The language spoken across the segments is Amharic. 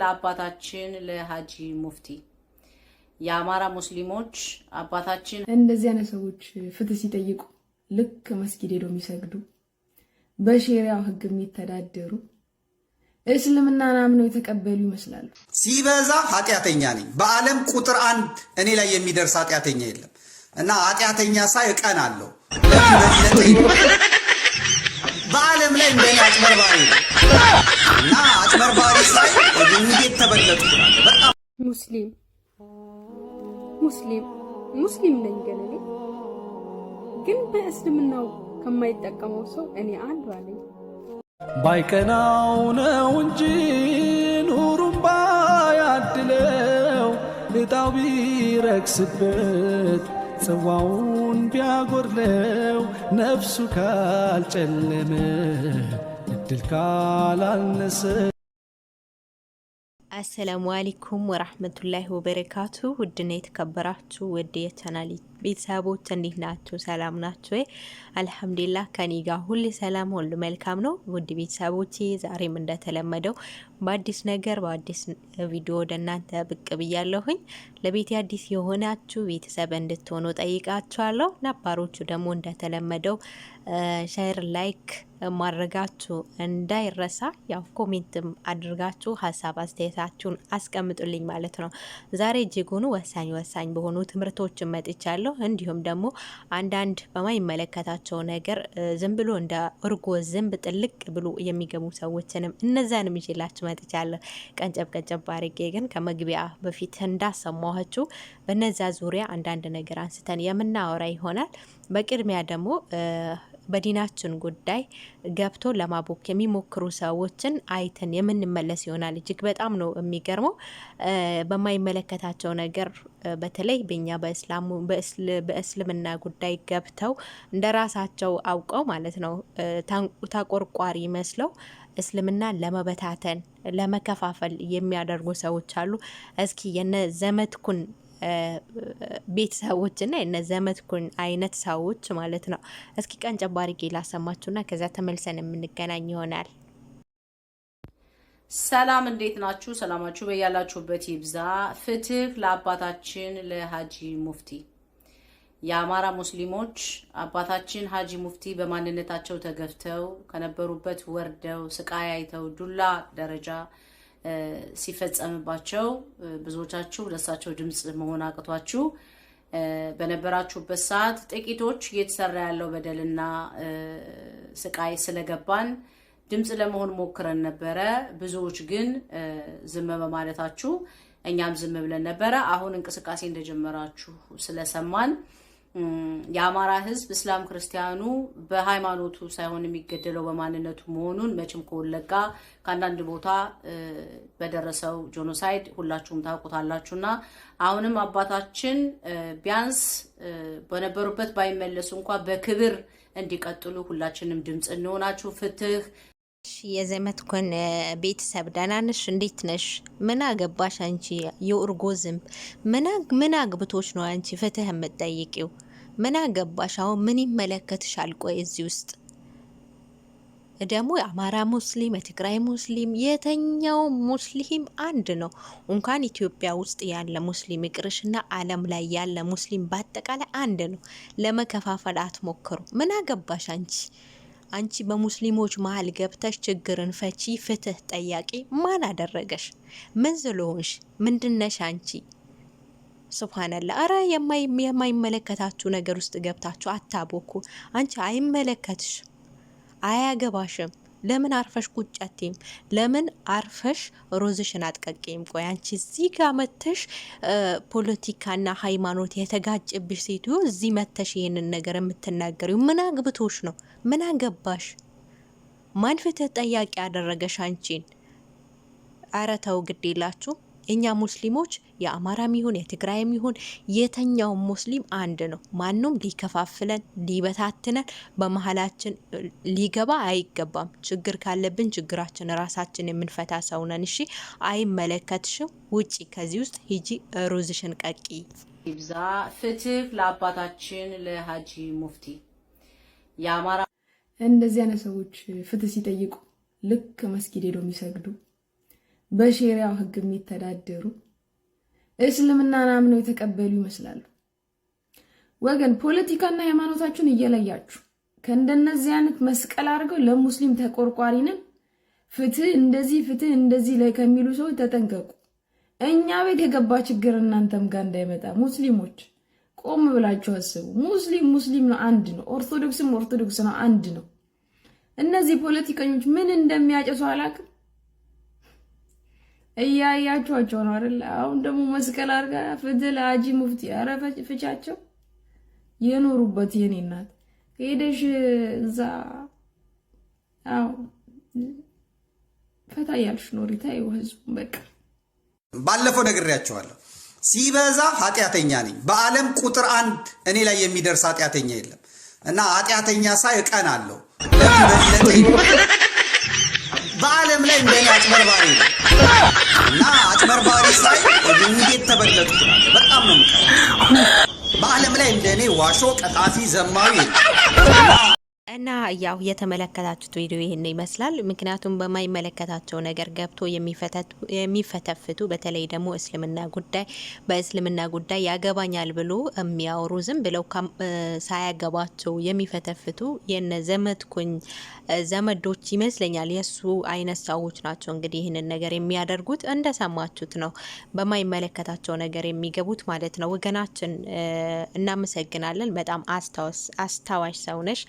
ለአባታችን ለሀጂ ሙፍቲ የአማራ ሙስሊሞች አባታችን እንደዚህ አይነት ሰዎች ፍትህ ሲጠይቁ ልክ መስጊድ ሄደው የሚሰግዱ በሼሪያው ህግ የሚተዳደሩ እስልምናን አምነው የተቀበሉ ይመስላሉ። ሲበዛ ኃጢአተኛ ነኝ። በዓለም ቁጥር አንድ እኔ ላይ የሚደርስ ኃጢአተኛ የለም እና ኃጢአተኛ ሳይ እቀን አለው በዓለም ላይ እንደኔ አጭበርባሪ እና አጭበርባሪ ሳይ እንዴት ተበለጡ? በጣም ሙስሊም ሙስሊም ሙስሊም ነኝ ገና እኔ ግን በእስልምናው ከማይጠቀመው ሰው እኔ አንዱ አለኝ። ባይቀናው ነው እንጂ ኑሩም ባያድለው እጣው ቢረክስበት ጽዋውን ቢያጎድለው ነፍሱ ካልጨለመ እድል ካላነሰ አሰላሙ አለይኩም ወራህመቱላሂ ወበረካቱ ውድና የተከበራችሁ ወደ የቻናል ቤተሰቦች እንዴት ናችሁ? ሰላም ናችሁ ወይ? አልሐምዱሊላህ ከኔ ጋር ሁሌ ሰላም፣ ሁሉ መልካም ነው። ውድ ቤተሰቦቼ ዛሬም እንደተለመደው በአዲስ ነገር በአዲስ ቪዲዮ ወደ እናንተ ብቅ ብያለሁኝ። ለቤት አዲስ የሆናችሁ ቤተሰብ እንድትሆኑ ጠይቃችኋለሁ። ነባሮቹ ደግሞ እንደተለመደው ሼር፣ ላይክ ማድረጋችሁ እንዳይረሳ፣ ያው ኮሜንትም አድርጋችሁ ሀሳብ አስተያየታችሁን አስቀምጡልኝ ማለት ነው። ዛሬ እጅጉኑ ወሳኝ ወሳኝ በሆኑ ትምህርቶችን መጥቻለሁ። ነው። እንዲሁም ደግሞ አንዳንድ በማይመለከታቸው ነገር ዝም ብሎ እንደ እርጎ ዝንብ ጥልቅ ብሎ የሚገቡ ሰዎችንም እነዛንም ይዤላችሁ መጥቻለሁ። ቀንጨብ ቀንጨብ አርጌ ግን ከመግቢያ በፊት እንዳሰማኋችሁ በነዛ ዙሪያ አንዳንድ ነገር አንስተን የምናወራ ይሆናል። በቅድሚያ ደግሞ በዲናችን ጉዳይ ገብቶ ለማቦክ የሚሞክሩ ሰዎችን አይተን የምንመለስ ይሆናል። እጅግ በጣም ነው የሚገርመው። በማይመለከታቸው ነገር በተለይ በኛ በእስልምና ጉዳይ ገብተው እንደ ራሳቸው አውቀው ማለት ነው ተቆርቋሪ መስለው እስልምና ለመበታተን ለመከፋፈል የሚያደርጉ ሰዎች አሉ። እስኪ የነ ዘመድኩን ሰዎች እና የነ ዘመድኩን አይነት ሰዎች ማለት ነው። እስኪ ቀን ሰማችሁ ላሰማችሁና ከዚያ ተመልሰን የምንገናኝ ይሆናል። ሰላም እንዴት ናችሁ? ሰላማችሁ በያላችሁበት ይብዛ። ፍትህ ለአባታችን ለሀጂ ሙፍቲ። የአማራ ሙስሊሞች አባታችን ሀጂ ሙፍቲ በማንነታቸው ተገፍተው ከነበሩበት ወርደው ስቃይ አይተው ዱላ ደረጃ ሲፈጸምባቸው ብዙዎቻችሁ ለእሳቸው ድምፅ መሆን አቅቷችሁ በነበራችሁበት ሰዓት ጥቂቶች እየተሰራ ያለው በደልና ስቃይ ስለገባን ድምፅ ለመሆን ሞክረን ነበረ። ብዙዎች ግን ዝም በማለታችሁ እኛም ዝም ብለን ነበረ። አሁን እንቅስቃሴ እንደጀመራችሁ ስለሰማን የአማራ ህዝብ እስላም ክርስቲያኑ በሃይማኖቱ ሳይሆን የሚገደለው በማንነቱ መሆኑን መቼም ከወለጋ ከአንዳንድ ቦታ በደረሰው ጆኖሳይድ ሁላችሁም ታውቁታላችሁና አሁንም አባታችን ቢያንስ በነበሩበት ባይመለሱ እንኳ በክብር እንዲቀጥሉ ሁላችንም ድምፅ እንሆናችሁ። ፍትህ የዘመድኩን ቤተሰብ ደህና ነሽ? እንዴት ነሽ? ምን አገባሽ አንቺ የእርጎ ዝንብ? ምን አግብቶች ነው አንቺ ፍትህ የምትጠይቂው? ምን አገባሽ አሁን ምን ይመለከትሻል? ቆይ እዚህ ውስጥ ደግሞ የአማራ ሙስሊም፣ የትግራይ ሙስሊም፣ የተኛው ሙስሊም አንድ ነው። እንኳን ኢትዮጵያ ውስጥ ያለ ሙስሊም ይቅርሽና ዓለም ላይ ያለ ሙስሊም በአጠቃላይ አንድ ነው። ለመከፋፈል አትሞክሩ። ምን አገባሽ አንቺ አንቺ በሙስሊሞች መሀል ገብተሽ ችግርን ፈቺ፣ ፍትህ ጠያቂ ማን አደረገሽ? ምን ስለሆንሽ ምንድነሽ አንቺ? ስብሓንላ አረ የማይመለከታችሁ ነገር ውስጥ ገብታችሁ አታቦኩ። አንቺ አይመለከትሽ፣ አያገባሽም። ለምን አርፈሽ ቁጭ አትይም? ለምን አርፈሽ ሮዝሽን አጥቀቂም? ቆይ አንቺ እዚህ ጋር መተሽ ፖለቲካና ሃይማኖት የተጋጭብሽ ሴትዮ እዚህ መተሽ ይህንን ነገር የምትናገሪው ምን አግብቶሽ ነው? ምን አገባሽ? ማን ፍትህ ጠያቂ ያደረገሽ አንቺን? አረ ተው ግድ የላችሁ እኛ ሙስሊሞች የአማራም ይሁን የትግራይም ይሁን የተኛው ሙስሊም አንድ ነው። ማንም ሊከፋፍለን ሊበታትነን በመሀላችን ሊገባ አይገባም። ችግር ካለብን ችግራችን ራሳችን የምንፈታ ሰውነን። እሺ አይመለከትሽም። ውጪ ከዚህ ውስጥ ሂጂ ሩዝሽን ቀቂ። ይብዛ ፍትህ ለአባታችን ለሀጂ ሙፍቲ። የአማራ እንደዚህ አይነት ሰዎች ፍትህ ሲጠይቁ ልክ መስጊድ ሄደው የሚሰግዱ በሼሪያው ህግ የሚተዳደሩ እስልምናን አምነው የተቀበሉ ይመስላሉ። ወገን ፖለቲካና ሃይማኖታችሁን እየለያችሁ ከእንደነዚህ አይነት መስቀል አድርገው ለሙስሊም ተቆርቋሪንን ፍትህ እንደዚህ ፍትህ እንደዚህ ላይ ከሚሉ ሰዎች ተጠንቀቁ። እኛ ቤት የገባ ችግር እናንተም ጋር እንዳይመጣ ሙስሊሞች ቆም ብላችሁ አስቡ። ሙስሊም ሙስሊም ነው፣ አንድ ነው። ኦርቶዶክስም ኦርቶዶክስ ነው፣ አንድ ነው። እነዚህ ፖለቲከኞች ምን እንደሚያጨሱ አላውቅም። እያያችኋቸው ነው አይደል? አሁን ደግሞ መስቀል አድርጋ ፍትህ ለሀጂ ሙፍቲ ኧረ ፍቻቸው የኖሩበት የኔ እናት ሄደሽ እዛ አዎ ፈታ ያልሽ ኖሪታ ይኸው ህዝቡን በቃ ባለፈው ነግሬያቸዋለሁ። ሲበዛ ኃጢአተኛ ነኝ። በዓለም ቁጥር አንድ እኔ ላይ የሚደርስ ኃጢአተኛ የለም እና ኃጢአተኛ ሳይ እቀን አለው። በዓለም ላይ እንደኔ አጭበርባሪ እና አጭበርባሪ ሳይ እንዴት ተበለጥኩ በጣም ነው። ምቀ በዓለም ላይ እንደኔ ዋሾ ቀጣፊ ዘማዊ እና ያው የተመለከታችሁት ቪዲዮ ይህን ይመስላል። ምክንያቱም በማይመለከታቸው ነገር ገብቶ የሚፈተፍቱ በተለይ ደግሞ እስልምና ጉዳይ በእስልምና ጉዳይ ያገባኛል ብሎ የሚያወሩ ዝም ብለው ሳያገባቸው የሚፈተፍቱ የነ ዘመድኩኝ ዘመዶች ይመስለኛል የእሱ አይነት ሰዎች ናቸው። እንግዲህ ይህንን ነገር የሚያደርጉት እንደሰማችሁት ነው። በማይመለከታቸው ነገር የሚገቡት ማለት ነው። ወገናችን እናመሰግናለን። በጣም አስታዋሽ ሰው ነሽ።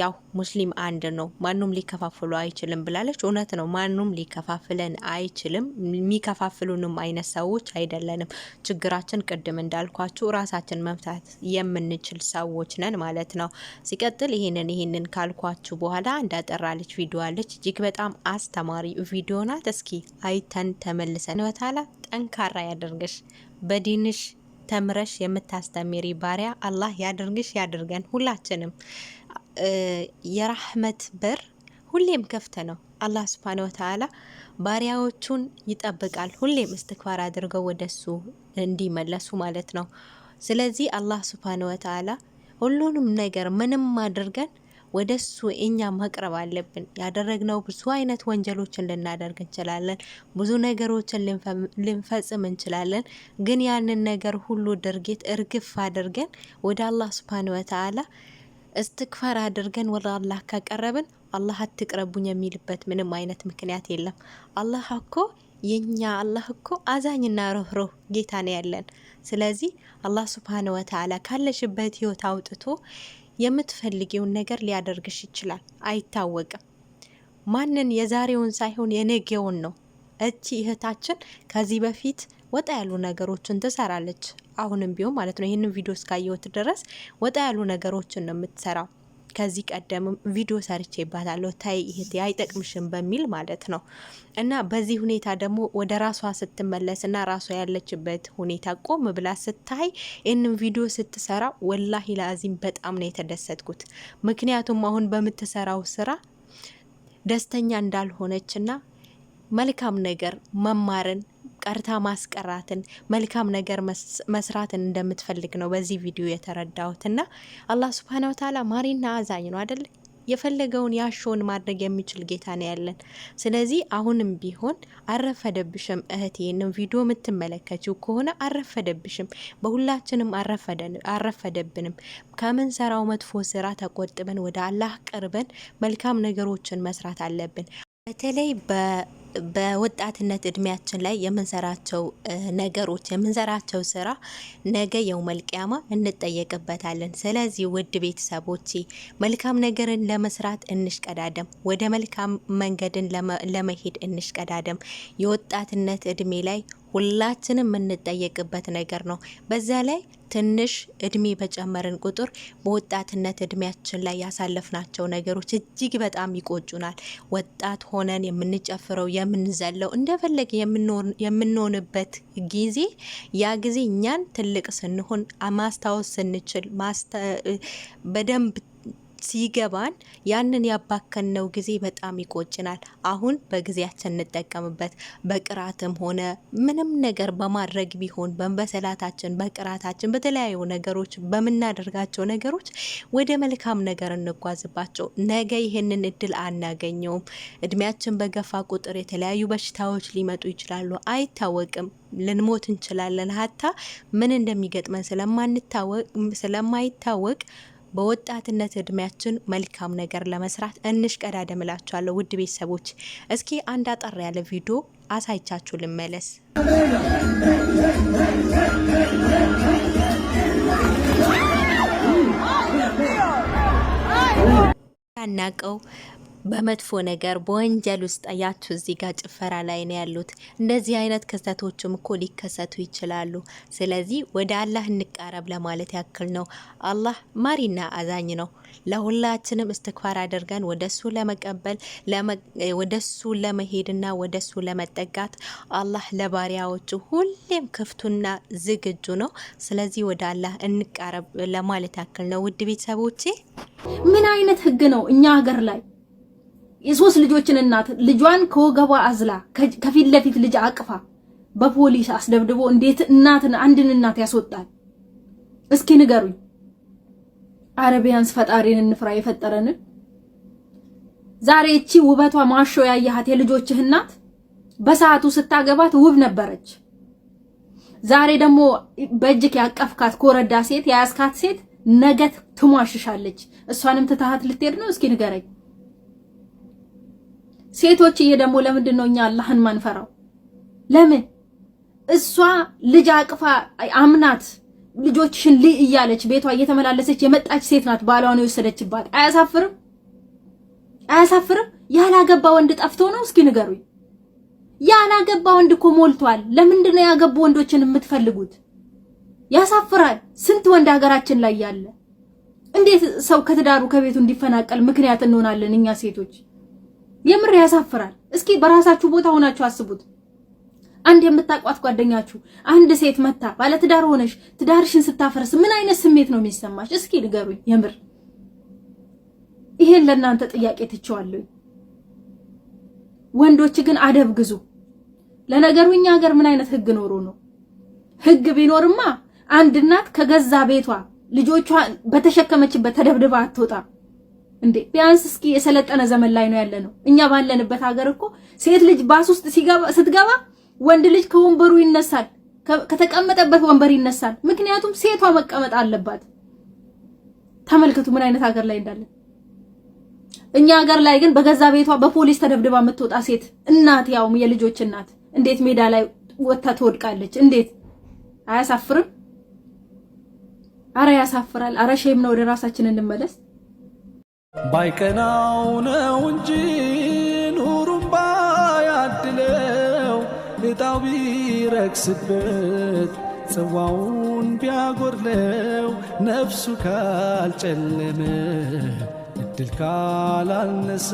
ያው ሙስሊም አንድ ነው፣ ማንም ሊከፋፍሉ አይችልም ብላለች። እውነት ነው፣ ማንም ሊከፋፍለን አይችልም። የሚከፋፍሉንም አይነት ሰዎች አይደለንም። ችግራችን ቅድም እንዳልኳችሁ ራሳችን መፍታት የምንችል ሰዎች ነን ማለት ነው። ሲቀጥል ይህንን ይህንን ካልኳችሁ በኋላ እንዳጠራለች ቪዲዮ አለች። እጅግ በጣም አስተማሪ ቪዲዮ ናት። እስኪ አይተን ተመልሰን በታላ ጠንካራ ያደርግሽ በዲንሽ ተምረሽ የምታስተምሪ ባሪያ አላህ ያድርግሽ ያድርገን ሁላችንም። የራህመት በር ሁሌም ክፍት ነው። አላህ ስብሓን ወተዓላ ባሪያዎቹን ይጠብቃል። ሁሌም እስትክባር አድርገው ወደሱ እንዲመለሱ ማለት ነው። ስለዚህ አላህ ስብሓን ወተዓላ ሁሉንም ነገር ምንም አድርገን ወደሱ እኛ መቅረብ አለብን። ያደረግነው ብዙ አይነት ወንጀሎችን ልናደርግ እንችላለን። ብዙ ነገሮችን ልንፈጽም እንችላለን። ግን ያንን ነገር ሁሉ ድርጊት እርግፍ አድርገን ወደ አላህ ስብሓን ወተዓላ እስትክፋር አድርገን ወደ አላህ ካቀረብን አላህ አትቅረቡኝ የሚልበት ምንም አይነት ምክንያት የለም። አላህ እኮ የኛ አላህ እኮ አዛኝና ሮህሮህ ጌታ ነው ያለን። ስለዚህ አላህ ሱብሃነ ወተዓላ ካለሽበት ህይወት አውጥቶ የምትፈልጊውን ነገር ሊያደርግሽ ይችላል። አይታወቅም። ማንን የዛሬውን ሳይሆን የነገውን ነው። እቺ እህታችን ከዚህ በፊት ወጣ ያሉ ነገሮችን ትሰራለች። አሁንም ቢሆን ማለት ነው ይህንን ቪዲዮ እስካየሁት ድረስ ወጣ ያሉ ነገሮችን ነው የምትሰራው። ከዚህ ቀደምም ቪዲዮ ሰርቼ ይባላለሁ ታይ ይሄት አይጠቅምሽም በሚል ማለት ነው። እና በዚህ ሁኔታ ደግሞ ወደ ራሷ ስትመለስ ራሷ ያለችበት ሁኔታ ቆም ብላ ስታይ ይህንን ቪዲዮ ስትሰራ ወላሂ ለአዚም በጣም ነው የተደሰትኩት። ምክንያቱም አሁን በምትሰራው ስራ ደስተኛ እንዳልሆነች መልካም ነገር መማርን ቀርታ ማስቀራትን መልካም ነገር መስራትን እንደምትፈልግ ነው በዚህ ቪዲዮ የተረዳሁትና አላህ ስብሃነ ወተዓላ ማሪና አዛኝ ነው አደለ? የፈለገውን ያሾውን ማድረግ የሚችል ጌታ ነው ያለን። ስለዚህ አሁንም ቢሆን አረፈደብሽም እህት፣ ይህንም ቪዲዮ የምትመለከችው ከሆነ አረፈደብሽም፣ በሁላችንም አረፈደብንም። ከምንሰራው መጥፎ ስራ ተቆጥበን ወደ አላህ ቀርበን መልካም ነገሮችን መስራት አለብን። በተለይ በወጣትነት እድሜያችን ላይ የምንሰራቸው ነገሮች የምንሰራቸው ስራ ነገ የው መልቅያማ እንጠየቅበታለን። ስለዚህ ውድ ቤተሰቦቼ መልካም ነገርን ለመስራት እንሽቀዳደም፣ ወደ መልካም መንገድን ለመሄድ እንሽቀዳደም። የወጣትነት እድሜ ላይ ሁላችንም የምንጠየቅበት ነገር ነው። በዛ ላይ ትንሽ እድሜ በጨመርን ቁጥር በወጣትነት እድሜያችን ላይ ያሳለፍናቸው ነገሮች እጅግ በጣም ይቆጩናል። ወጣት ሆነን የምንጨፍረው የምንዘለው፣ እንደፈለግ የምንሆንበት ጊዜ ያ ጊዜ እኛን ትልቅ ስንሆን ማስታወስ ስንችል በደንብ ሲገባን ያንን ያባከነው ጊዜ በጣም ይቆጭናል። አሁን በጊዜያችን እንጠቀምበት። በቅራትም ሆነ ምንም ነገር በማድረግ ቢሆን በመሰላታችን፣ በቅራታችን፣ በተለያዩ ነገሮች በምናደርጋቸው ነገሮች ወደ መልካም ነገር እንጓዝባቸው። ነገ ይህንን እድል አናገኘውም። እድሜያችን በገፋ ቁጥር የተለያዩ በሽታዎች ሊመጡ ይችላሉ። አይታወቅም። ልንሞት እንችላለን። ሀታ ምን እንደሚገጥመን ስለማይታወቅ በወጣትነት እድሜያችን መልካም ነገር ለመስራት እንሽቀዳደም እላችኋለሁ። ውድ ቤተሰቦች እስኪ አንድ አጠር ያለ ቪዲዮ አሳይቻችሁ ልመለስ። ያናቀው በመጥፎ ነገር በወንጀል ውስጥ ያችሁ እዚህ ጋር ጭፈራ ላይ ነው ያሉት። እንደዚህ አይነት ክስተቶችም እኮ ሊከሰቱ ይችላሉ። ስለዚህ ወደ አላህ እንቃረብ ለማለት ያክል ነው። አላህ ማሪና አዛኝ ነው። ለሁላችንም እስትክፋር አድርገን ወደሱ ለመቀበል ወደ ለመሄድና ወደ ለመጠጋት አላህ ለባሪያዎቹ ሁሌም ክፍቱና ዝግጁ ነው። ስለዚህ ወደ አላህ እንቃረብ ለማለት ያክል ነው። ውድ ቤተሰቦቼ ምን አይነት ህግ ነው እኛ ሀገር ላይ የሶስት ልጆችን እናት ልጇን ከወገቧ አዝላ ከፊት ለፊት ልጅ አቅፋ በፖሊስ አስደብድቦ እንዴት እናትን አንድን እናት ያስወጣል? እስኪ ንገሩኝ። አረቢያንስ ፈጣሪን እንፍራ የፈጠረንን። ዛሬ እቺ ውበቷ ማሾ ያያሃት የልጆችህ እናት በሰዓቱ ስታገባት ውብ ነበረች። ዛሬ ደግሞ በእጅክ ያቀፍካት ኮረዳ ሴት ያያስካት ሴት ነገት ትሟሽሻለች። እሷንም ትታሃት ልትሄድ ነው? እስኪ ንገረኝ። ሴቶችዬ ደግሞ ለምንድን ነው እኛ አላህን ማንፈራው? ለምን እሷ ልጅ አቅፋ አምናት ልጆችሽን ልይ እያለች ቤቷ እየተመላለሰች የመጣች ሴት ናት ባሏን የወሰደችባት። አያሳፍርም? አያሳፍርም? ያላገባ ወንድ ጠፍቶ ነው? እስኪ ንገሩኝ። ያላገባ ወንድ እኮ ሞልቷል። ለምንድን ነው ያገቡ ወንዶችን የምትፈልጉት? ያሳፍራል። ስንት ወንድ ሀገራችን ላይ ያለ። እንዴት ሰው ከትዳሩ ከቤቱ እንዲፈናቀል ምክንያት እንሆናለን እኛ ሴቶች? የምር ያሳፍራል። እስኪ በራሳችሁ ቦታ ሆናችሁ አስቡት። አንድ የምታቋት ጓደኛችሁ አንድ ሴት መታ ባለትዳር ሆነሽ ትዳርሽን ስታፈርስ ምን አይነት ስሜት ነው የሚሰማሽ? እስኪ ንገሩኝ። የምር ይሄን ለእናንተ ጥያቄ ትቼዋለሁ። ወንዶች ግን አደብ ግዙ። ለነገሩ እኛ ሀገር ምን አይነት ህግ ኖሮ ነው? ህግ ቢኖርማ አንድ እናት ከገዛ ቤቷ ልጆቿ በተሸከመችበት ተደብድባ አትወጣም። እንዴ ቢያንስ እስኪ የሰለጠነ ዘመን ላይ ነው ያለ ነው። እኛ ባለንበት ሀገር እኮ ሴት ልጅ ባስ ውስጥ ስትገባ ወንድ ልጅ ከወንበሩ ይነሳል፣ ከተቀመጠበት ወንበር ይነሳል። ምክንያቱም ሴቷ መቀመጥ አለባት። ተመልከቱ ምን አይነት ሀገር ላይ እንዳለን። እኛ ሀገር ላይ ግን በገዛ ቤቷ በፖሊስ ተደብድባ የምትወጣ ሴት እናት፣ ያውም የልጆች እናት እንዴት ሜዳ ላይ ወጥታ ትወድቃለች? እንዴት አያሳፍርም? አረ ያሳፍራል። አረ ሼም ነው። ወደ ራሳችን እንመለስ። ባይቀናው ነው እንጂ ኑሩም ባያድለው እጣው ቢረክስበት ጽዋውን ቢያጎድለው ነፍሱ ካልጨለመ እድል ካላነሰ